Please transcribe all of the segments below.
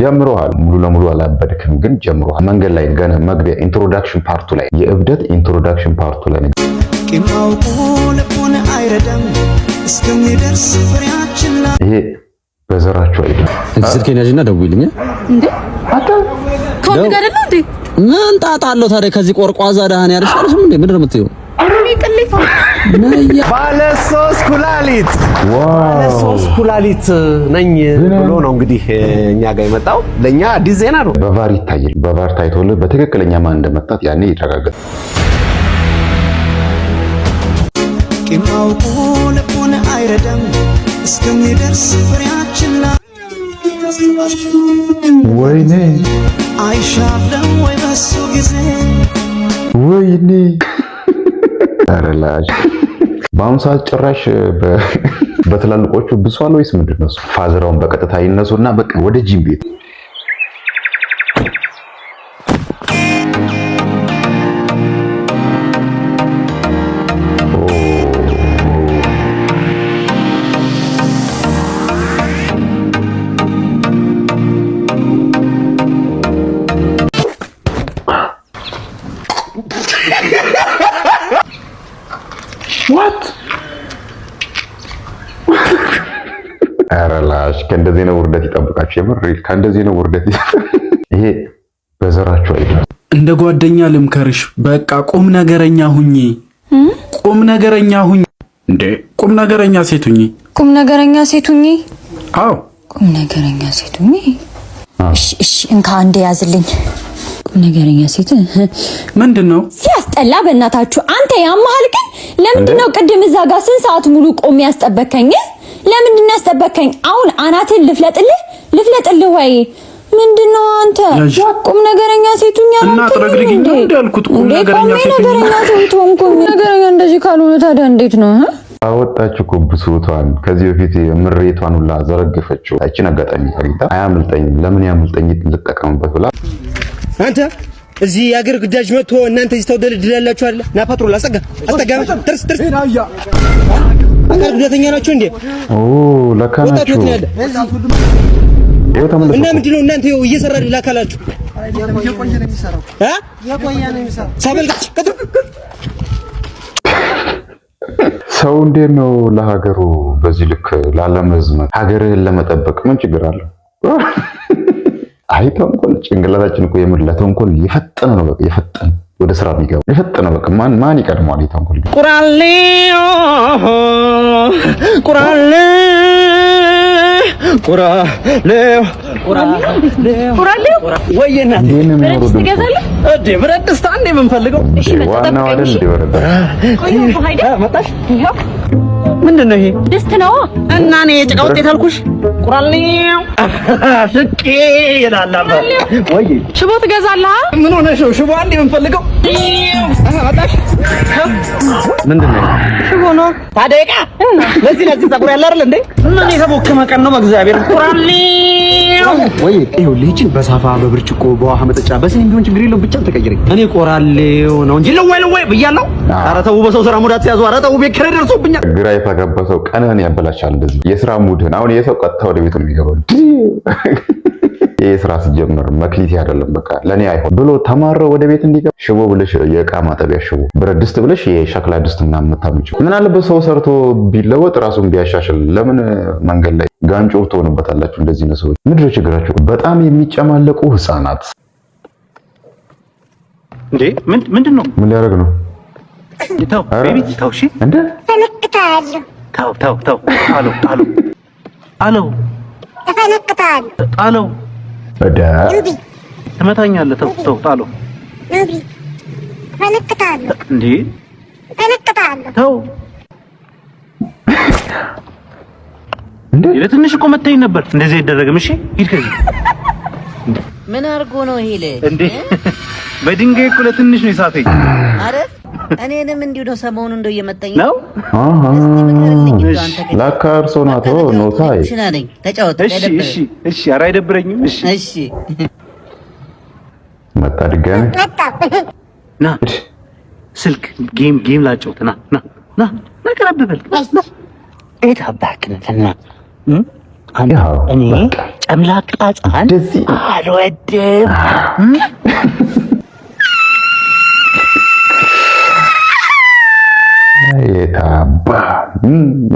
ጀምረዋል። ሙሉ ለሙሉ አላበድክም፣ ግን ጀምረዋል። መንገድ ላይ ገና መግቢያ ኢንትሮዳክሽን ፓርቱ ላይ የእብደት ኢንትሮዳክሽን ፓርቱ ላይ ቂማውቁ ልቡን አይረዳም እስከሚደርስ ፍሬያችን ይሄ በዘራችሁ አይደለም። ስልኬን ያዥና ደውይልኝ እንዴ አታ ኮንግ አይደለም እንዴ ምን ጣጣ አለው ታዲያ? ከዚህ ቆርቋዛ ዳህን ያርሻልሽ ምንድን ነው የምትይው? ቅሌት ባለ ሶስት ኩላሊት ባለ ሶስት ኩላሊት ነኝ ብሎ ነው እንግዲህ እኛ ጋር የመጣው። ለእኛ አዲስ ዜና ነው። በቫር ይታያል። በቫር ታይቶልህ በትክክለኛ ማን እንደመጣት ያኔ ይረጋገጥ። ቂም አውቆ ልቡን አይረዳም እስከሚደርስ ፍሬያችን ወይኔ አይሻለም ወይ በሱ ጊዜ ወይኔ በአሁኑ ሰዓት ጭራሽ በትላልቆቹ ብሷል ወይስ ምንድን ነው? ፋዝራውን በቀጥታ ይነሱና እና በቃ ወደ ጂም ቤት ከእንደዚህ ነው ውርደት ይጠብቃችሁ። የምር ከእንደዚህ ነው ውርደት ይሄ በዘራችሁ አይደለም። እንደ ጓደኛ ልምከርሽ፣ በቃ ቁም ነገረኛ ሁኚ። ቁም ነገረኛ ሁኚ እንዴ! ቁም ነገረኛ ሴት ሁኚ። ቁም ነገረኛ ሴት ሁኚ። አዎ፣ ቁም ነገረኛ ሴት ሁኚ። እሺ፣ እንካ አንዴ ያዝልኝ። ቁም ነገረኛ ሴት ምንድን ነው? ሲያስጠላ! በእናታችሁ አንተ ያመሃል። ግን ለምንድን ነው ቅድም እዛ ጋር ስንት ሰዓት ሙሉ ቆም ያስጠበከኝ? ለምንድን ነው ያስጠበከኝ? አሁን አናትን ልፍለጥልህ ልፍለጥልህ ወይ ምንድነው አንተ ቁም ነገረኛ ሴቱኛ ነገረኛ እንደዚህ ካልሆነ ታዲያ እንዴት ነው አወጣችሁ እኮ ብሶቷን ከዚህ በፊት ምሬቷን ሁላ ዘረገፈችው ያችን አጋጣሚ ታሪታ አያምልጠኝም ለምን ያምልጠኝ ልጠቀምበት ብላ አንተ እዚህ የአገር ግዳጅ መጥቶ እናንተ እዚህ ተውደልድላላችሁ አይደለ ና ፓትሮል አስጠጋ አስጠጋ ትርስ ትርስ አካል ጉዳተኛ ናቸው እንዴ? ኦ ለካ ናቸው። እና ምንድን ነው እናንተ እየሰራ ላካላችሁ ሰው እንዴት ነው ለሀገሩ በዚህ ልክ ላለመዝመት ሀገርህን ለመጠበቅ ምን ችግር አለው? አይ ተንኮል ጭንቅላታችን እኮ የምር ለተንኮል የፈጠነ ነው በቃ የፈጠነ ወደ ስራ ቢገባ የፈጠነ በቃ ማን ማን ይቀድመዋል? የተንኮል ግን ቁራሌ ቁራሌ ቁራሌ ምንድን ነው ይሄ? ድስት ነው እና እኔ የጭቃ ውጤት አልኩሽ። ቁራሌው ስቄ ይላል ወይ ሽቦ ትገዛለህ? ምን ሆነሽ ነው? ሽቦ አንዴ የምንፈልገው አጣሽ። ምንድን ነው ሽቦ ነው ታደቃ ዕቃ። ለዚህ ለዚህ ጸጉር ያለ አይደል እንዴ? ምን የተቦከመ ቀን ነው በእግዚአብሔር። ቁራልኝ። ወይ ይሄው ይኸውልህ፣ በሳፋ በብርጭቆ በውሃ መጠጫ በስኒ ቢሆን ችግር የለውም ብቻ ተቀይረኝ። እኔ ቆራሌው ነው እንጂ ለወይ ለወይ ብያለሁ። ኧረ ተው፣ በሰው ስራ ሙዳት ያዙ። ኧረ ተው፣ ቤት ኪራይ ደርሶብኛል። ያልተረጋጋ ሰው ቀንህን ያበላሻል። እንደዚህ የስራ ሙድህን አሁን የሰው ቀጥታ ወደ ቤት ነው የሚገባው። ይህ ስራ ሲጀምር መክሊት አይደለም በቃ ለእኔ አይሆን ብሎ ተማረው ወደ ቤት እንዲገባ ሽቦ ብለሽ የእቃ ማጠቢያ ሽቦ፣ ብረት ድስት ብለሽ የሸክላ ድስት ምናምን የምታምጪው ምን አለበት ሰው ሰርቶ ቢለወጥ ራሱን ቢያሻሽል። ለምን መንገድ ላይ ጋንጮ ትሆንበታላችሁ? እንደዚህ ነው ሰዎች። ምንድን ችግራቸው? በጣም የሚጨማለቁ ህፃናት እንዴ! ምንድን ነው ምን ሊያደርግ ነው? እንደ እፈነቅታለሁ። ተው ተው ተው፣ ጣለው ጣለው ጣለው፣ ጣለው። ወደ ትመታኛለህ። ተው ተው፣ ጣለው። ኑቢ እንዴ እፈነቅታለሁ። ተው እንዴ! ለትንሽ እኮ መታኝ ነበር። እንደዚህ አይደረግም። እሺ ሂድ ከዚህ። ምን አድርጎ ነው ይሄ ልጅ? እንዴ! በድንጋይ እኮ ለትንሽ ነው የሳተኝ። እኔንም እንዲሁ ነው ሰሞኑ እንደው እየመጣኝ ነው። ለካ እርሶ ናቶ ኖታይ ተጫወት። እሺ፣ እሺ፣ ኧረ አይደብረኝም። እሺ፣ እሺ፣ መጣ ድጋሜ ና፣ ስልክ ጌም ጌም ላጫውት ና፣ ና፣ ና፣ ና፣ ቀረብ በል ቤት አባክነትና እኔ ጨምላቃ ጻን አልወድም። የታባ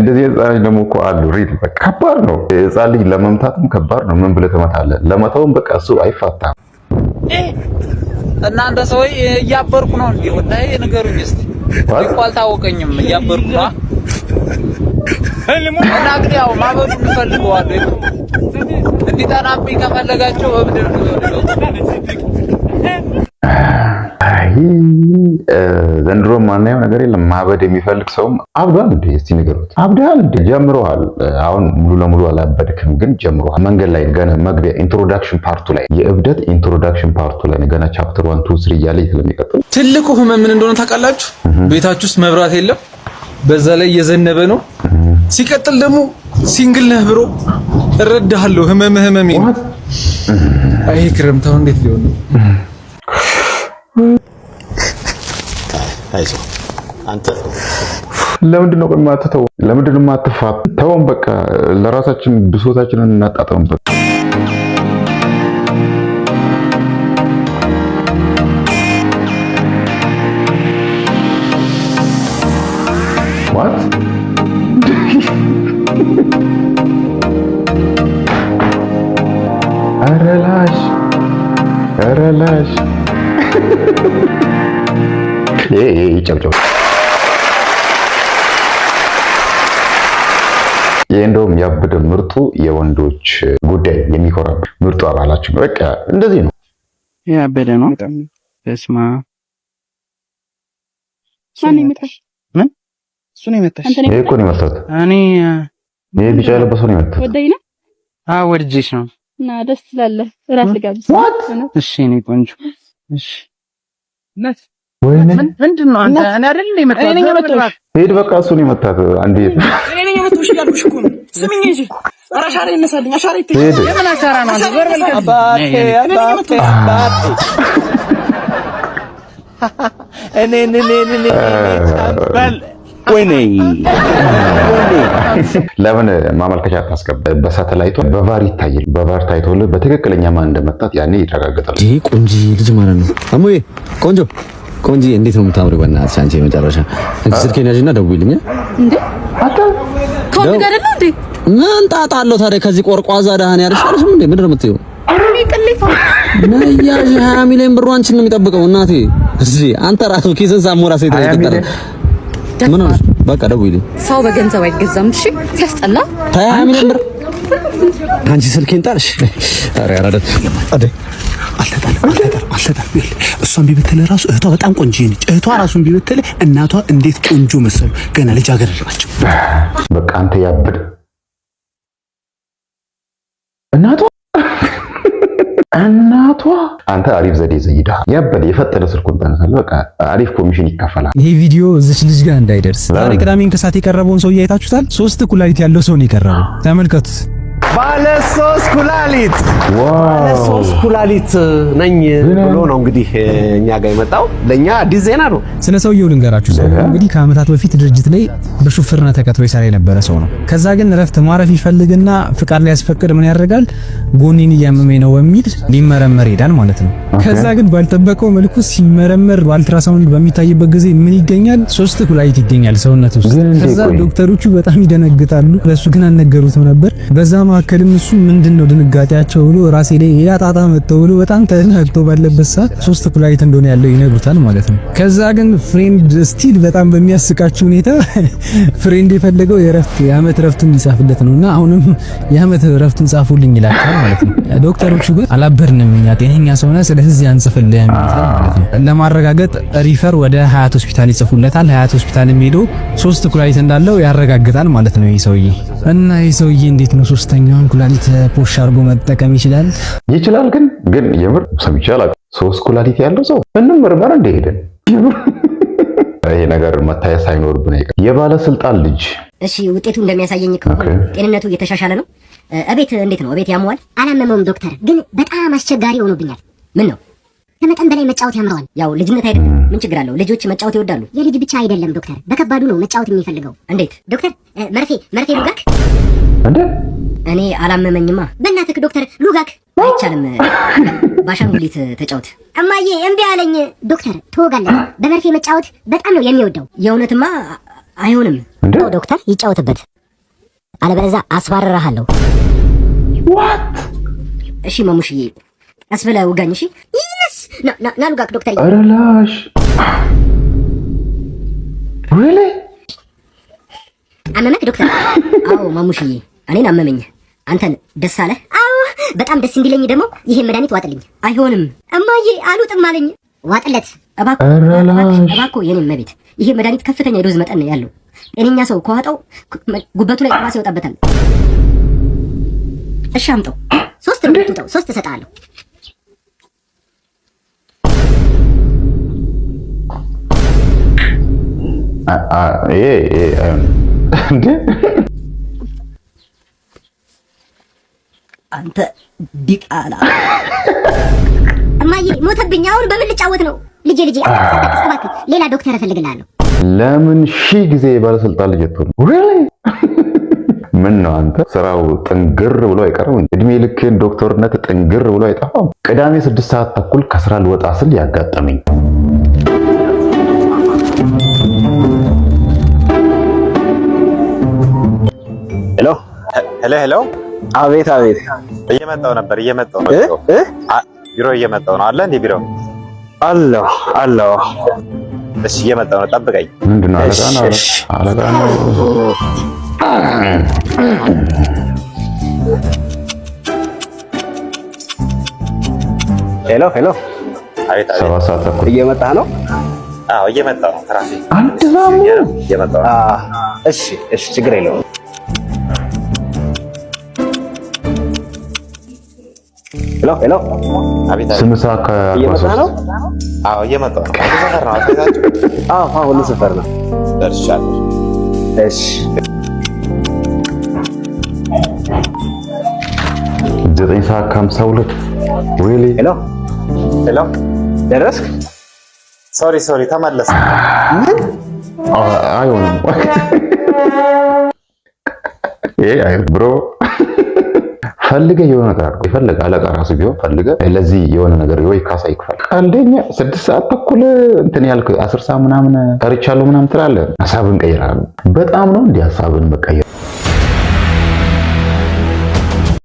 እንደዚህ ህፃኖች ደግሞ እኮ አሉ። ሪል ከባድ ነው። ህፃን ልጅ ለመምታትም ከባድ ነው። ምን ብለህ ትመታለህ? ለመተውም በቃ እሱ አይፋታም። እናንተ ሰው እያበርኩ ነው እንዴ? ወላሂ ንገሩኝ እስቲ እኮ አልታወቀኝም። እያበርኩ ነው እና ግን ያው ማበዱ እንፈልገዋለሁ። እንዲጠናብኝ ከፈለጋቸው በምድር ነው ዘንድሮ ማናየው ነገር የለም። ማበድ የሚፈልግ ሰውም አብዷል እንዴ? እስቲ ንገሩት። አብዷል እንዴ? ጀምረዋል። አሁን ሙሉ ለሙሉ አላበድክም፣ ግን ጀምረዋል። መንገድ ላይ ገና መግቢያ ኢንትሮዳክሽን ፓርቱ ላይ የእብደት ኢንትሮዳክሽን ፓርቱ ላይ ገና ቻፕተር ዋን ቱ ስሪ እያለ ስለሚቀጥል ትልቁ ህመም ምን እንደሆነ ታውቃላችሁ? ቤታችሁ ውስጥ መብራት የለም፣ በዛ ላይ እየዘነበ ነው። ሲቀጥል ደግሞ ሲንግል ነህ ብሮ እረዳሃለሁ። ህመም ህመም አይ ክረምታው እንዴት ሊሆን ነው? አይዞህ አንተ ለምንድን ነው ቆይ የማትተው? ለምንድን ነው በቃ ለራሳችን ብሶታችንን እናጣጥምበት። ምርጡ የወንዶች ጉዳይ የሚኮራ ምርጡ አባላችን በቃ እንደዚህ ነው። ያበደ ነው። በስማ ምን እሱ ነው የመታሽ? ነው እኔ ይሄ ቢጫ ያለበት ነው የመታት። ወደኝ ነው? አዎ ነው። እና ደስ ትላለህ። እራት ልጋብዝ። እሺ እኔ ቆንጆ እሺ ምንድን ነው አንተ? እኔ አይደል የመጣሁት። ሂድ በቃ እሱ ነው የመታት። አንዴ እኔ ነኝ የመታሁሽ እያልኩሽ እኮ ነው ስሚኝ እንጂ ኧረ አሻራ ይነሳልኝ። አሻራ ይተኛል። የምን አሻራ ነው? ለምን ማመልከቻ ታስገባል? በሳተላይቱ በቫር ይታያል። በቫር ታይቶልህ በትክክለኛ ማን እንደመጣት ያኔ ይረጋገጣል። ይህ ቆንጂ ልጅ ማለት ነው። አሙዬ ቆንጆ ቆንጂ፣ እንዴት ነው የምታምሪው? በእናትሽ አንቺ የመጨረሻ ስልኬን ያዥና ደውዪልኝ እንዴ ከወንድ እንዴ? ምን ጣጣ አለው ታዲያ? ከዚህ ቆርቋዛ ዳህን ያርሻልሽ እንዴ? ምንድን ነው የምትይው? ነያዥ ሀያ ሚሊዮን ብሩ አንቺን ነው የሚጠብቀው። እናቴ እዚህ አንተ ራሱ ኪስን ሳሞራ ሴት ላይ ምን ነው በቃ ደውይልኝ። ሰው በገንዘብ አይገዛም። እሺ ሲያስጠላ ሀያ ሚሊዮን ብር አንቺ ስልኬን ጣልሽ። ኧረ ያራደ አልተጣልም አልተጣልም አልተጣልም። እሷን ቢበትል ራሱ እህቷ በጣም ቆንጆ ነች። እህቷ ራሱን ቢበትል እናቷ እንዴት ቆንጆ መሰሉ። ገና ልጅ አገር ናቸው። በቃ አንተ ያብድ እናቷ እናቷ አንተ አሪፍ ዘዴ ዘይዳ ያበደ የፈጠነ ስልኩን ታነሳለህ። በቃ አሪፍ ኮሚሽን ይከፈላል። ይሄ ቪዲዮ እዚች ልጅ ጋር እንዳይደርስ ዛሬ ቅዳሜ እንቅሳት የቀረበውን ሰው እያየታችሁታል። ሶስት ኩላሊት ያለው ሰው ነው የቀረበው። ተመልከቱት። ባለ ሶስት ኩላሊት ባለ ኩላሊት ነኝ ብሎ ነው እንግዲህ እኛ ጋር የመጣው። ለእኛ አዲስ ዜና ነው። ስለ ሰውየው ልንገራችሁ። እንግዲህ ከዓመታት በፊት ድርጅት ላይ በሹፍርና ተቀጥሮ ይሰራ የነበረ ሰው ነው። ከዛ ግን እረፍት ማረፍ ይፈልግና ፍቃድ ላይ ያስፈቅድ ምን ያደርጋል፣ ጎኔን እያመመኝ ነው በሚል ሊመረመር ይሄዳል ማለት ነው። ከዛ ግን ባልጠበቀው መልኩ ሲመረመር በአልትራሳውንድ በሚታይበት ጊዜ ምን ይገኛል? ሶስት ኩላሊት ይገኛል ሰውነት ውስጥ። ከዛ ዶክተሮቹ በጣም ይደነግጣሉ። ለሱ ግን አልነገሩትም ነበር በዛ መካከልም እሱ ምንድን ነው ድንጋጤያቸው ብሎ ራሴ ላይ ሌላ ጣጣ መጥተው ብሎ በጣም ተነክቶ ባለበት ሰዓት ሶስት ኩላሊት እንደሆነ ያለው ይነግሩታል ማለት ነው። ከዛ ግን ፍሬንድ ስቲል በጣም በሚያስቃችሁ ሁኔታ ፍሬንድ የፈለገው የረፍት የአመት ረፍቱን ሊጻፍለት ነውና አሁንም የአመት ረፍቱን ጻፉልኝ ይላቸዋል ማለት ነው። ዶክተሮቹ ግን አላበርንም እኛ ጤነኛ ሰው ነህ፣ ስለዚህ አንጽፍልህም ማለት ነው። ለማረጋገጥ ሪፈር ወደ ሀያት ሆስፒታል ይጽፉለታል። ሀያት ሆስፒታል ሄዶ ሶስት ኩላሊት እንዳለው ያረጋግጣል ማለት ነው ይህ ሰውዬ እና ይህ ሰውዬ እንዴት ነው ሶስተኛ የትኛውን ኩላሊት ፖሽ አድርጎ መጠቀም ይችላል? ይችላል ግን ግን የምር ሰምቼ አላውቅም። ሶስት ኩላሊት ያለው ሰው ምንም ምርመራ እንደሄደን የምር ይሄ ነገር መታየት አይኖርብን አይቀር። የባለስልጣን ልጅ እሺ፣ ውጤቱ እንደሚያሳየኝ ከሆነ ጤንነቱ እየተሻሻለ ነው። እቤት እንዴት ነው? እቤት ያመዋል? አላመመውም ዶክተር፣ ግን በጣም አስቸጋሪ ሆኖብኛል። ምን ነው? ከመጠን በላይ መጫወት ያምረዋል። ያው ልጅነት አይደለም፣ ምን ችግር አለው? ልጆች መጫወት ይወዳሉ። የልጅ ብቻ አይደለም ዶክተር፣ በከባዱ ነው መጫወት የሚፈልገው። እንዴት ዶክተር? መርፌ መርፌ ልጋክ እንዴ እኔ አላመመኝማ። በእናትህ ዶክተር ሉጋክ አይቻልም። ባሻንጉሊት ተጫወት። እማዬ እምቢ አለኝ። ዶክተር ትወጋለህ። በመርፌ መጫወት በጣም ነው የሚወደው። የእውነትማ አይሆንም። ዶክተር ይጫወትበት፣ አለበለዚያ አስባርራሃለሁ። እሺ ማሙሽዬ፣ ቀስ ብለህ ውጋኝ። እሺ ይስ ና ሉጋክ ዶክተር ረላሽ አመመክ ዶክተር? አዎ ማሙሽዬ፣ እኔን አመመኝ። አንተን ደስ አለህ? አዎ፣ በጣም ደስ እንዲለኝ ደግሞ ይሄ መድኃኒት ዋጥልኝ። አይሆንም እማዬ አልውጥም አለኝ። ዋጥለት እባክዎ የኔ መቤት። ይሄ መድኃኒት ከፍተኛ የዶዝ መጠን ነው ያለው። እኔኛ ሰው ከዋጠው ጉበቱ ላይ ቅባስ ይወጣበታል። እሺ አምጠው። ሶስት እንደምትውጠው ሶስት እሰጥሃለሁ። ይሄ እንዴ አንተ ዲቃላ እማዬ ሞተብኝ። አሁን በምን ልጫወት ነው? ልጄ ልጄ ሌላ ዶክተር እፈልግልሃለሁ። ለምን ሺህ ጊዜ የባለስልጣን ልጅ ሪሊ ምን ነው አንተ ስራው ጥንግር ብሎ አይቀርም? እድሜ ልክን ዶክተርነት ጥንግር ብሎ አይጠፋም? ቅዳሜ ስድስት ሰዓት ተኩል ከስራ ልወጣ ስል ያጋጠመኝ ሄሎ ሄሎ ሄሎ አቤት አቤት፣ እየመጣው ነበር እየመጣው ነው እ ቢሮ እየመጣው ነው አለ እንዴ? ቢሮ አለው አለው። እሺ እየመጣው ነው፣ ጠብቀኝ። ምንድን ነው አለቃ ነው ሄሎ ሄሎ፣ አቤት ሰባት ሰዓት ተኩል እየመጣ ነው? አዎ እየመጣሁ ነው። ትራፊክ አንድ ዛሙ እየመጣሁ ነው። እሺ እሺ፣ ችግር የለውም። ስምንት ሰዓት ከአስራ ሦስት አዎ እየመጣሁ ነው። ሁሉ ሰፈር ነው። ደርሻለሁ። እሺ ዘጠኝ ሰዓት ከሀምሳ ሁለት ወይኔ ደረስክ? ሶሪ ሶሪ፣ ተመለስ። አይሆንም ብሮ ፈልገ የሆነ ነገር አድርገው የፈለገ አለቃ ራሱ ቢሆን ፈልገ ለዚህ የሆነ ነገር ወይ ካሳ ይክፈል። አንደኛ ስድስት ሰዓት ተኩል እንትን ያልክ አስር ሰዓት ምናምን ቀርቻለሁ ምናምን ትላለህ። ሀሳብን ቀይራለሁ። በጣም ነው እንዲህ ሀሳብን መቀየር